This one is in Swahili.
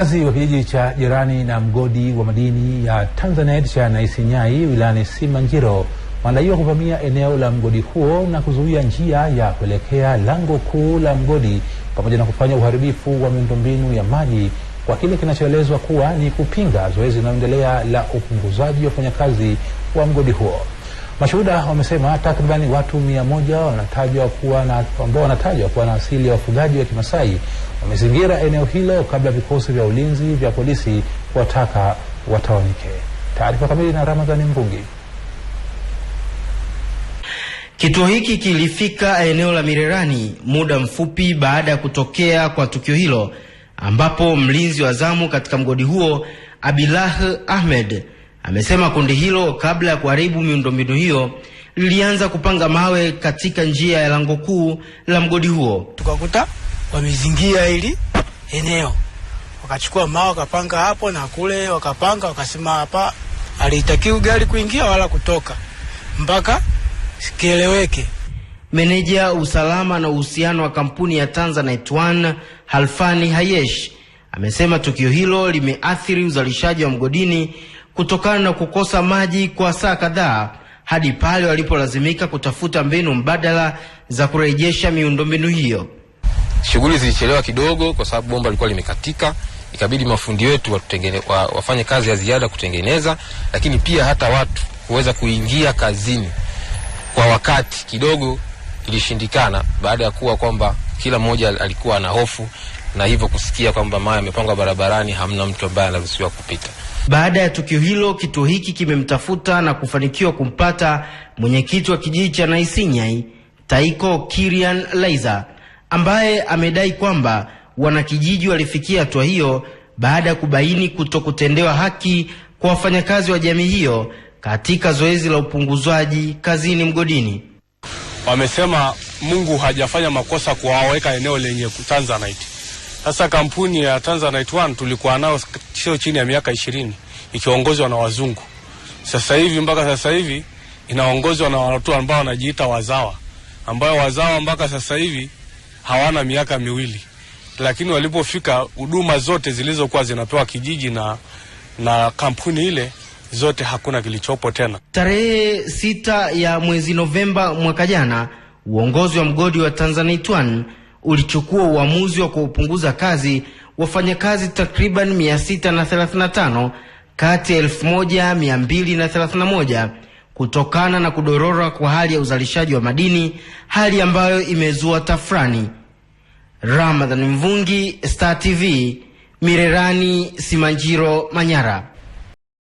Kazi wa kijiji cha jirani na mgodi wa madini ya Tanzanite cha Naisinyai wilayani Simanjiro wanadaiwa kuvamia eneo la mgodi huo na kuzuia njia ya kuelekea lango kuu la mgodi pamoja na kufanya uharibifu wa miundombinu ya maji kwa kile kinachoelezwa kuwa ni kupinga zoezi linaloendelea la upunguzaji wa wafanyakazi wa mgodi huo. Mashuhuda wamesema takribani watu mia moja wanatajwa kuwa na ambao wanatajwa kuwa na asili ya wafugaji wa Kimasai wamezingira eneo hilo kabla vikosi vya ulinzi vya polisi kuwataka watawanyike. Taarifa kamili na Ramadhani Mbungi. Kituo hiki kilifika eneo la Mirerani muda mfupi baada ya kutokea kwa tukio hilo, ambapo mlinzi wa zamu katika mgodi huo Abilah Ahmed Amesema kundi hilo kabla ya kuharibu miundombinu hiyo lilianza kupanga mawe katika njia ya lango kuu la mgodi huo. Tukakuta wamezingia hili eneo, wakachukua mawe wakapanga hapo na kule, wakapanga wakasema hapa alitakiwa gari kuingia wala kutoka mpaka sikieleweke. Meneja usalama na uhusiano wa kampuni ya Tanzanite One Halfani Hayesh amesema tukio hilo limeathiri uzalishaji wa mgodini kutokana na kukosa maji kwa saa kadhaa hadi pale walipolazimika kutafuta mbinu mbadala za kurejesha miundombinu hiyo. Shughuli zilichelewa kidogo kwa sababu bomba lilikuwa limekatika, ikabidi mafundi wetu wa, wafanye kazi ya ziada kutengeneza, lakini pia hata watu kuweza kuingia kazini kwa wakati kidogo ilishindikana, baada ya kuwa kwamba kila mmoja alikuwa na hofu na hivyo kusikia kwamba mawe yamepangwa barabarani, hamna mtu ambaye anaruhusiwa kupita. Baada ya tukio hilo, kituo hiki kimemtafuta na kufanikiwa kumpata mwenyekiti wa kijiji cha Naisinyai, Taiko Kirian Laiza, ambaye amedai kwamba wanakijiji walifikia hatua hiyo baada ya kubaini kutokutendewa haki kwa wafanyakazi wa jamii hiyo katika zoezi la upunguzwaji kazini mgodini. Wamesema Mungu hajafanya makosa kuwaweka eneo lenye tanzanite sasa kampuni ya Tanzanite One tulikuwa nao sio chini ya miaka ishirini ikiongozwa na wazungu. Sasa hivi mpaka sasa hivi inaongozwa na watu ambao wanajiita wazawa, ambayo wazawa mpaka sasa hivi hawana miaka miwili, lakini walipofika huduma zote zilizokuwa zinapewa kijiji na, na kampuni ile zote hakuna kilichopo tena. Tarehe sita ya mwezi Novemba mwaka jana uongozi wa mgodi wa Tanzanite One ulichukua uamuzi wa kuupunguza kazi wafanyakazi takriban 635 kati ya 1231 kutokana na kudorora kwa hali ya uzalishaji wa madini, hali ambayo imezua tafrani. Ramadhan Mvungi, Star TV, Mirerani, Simanjiro, Manyara.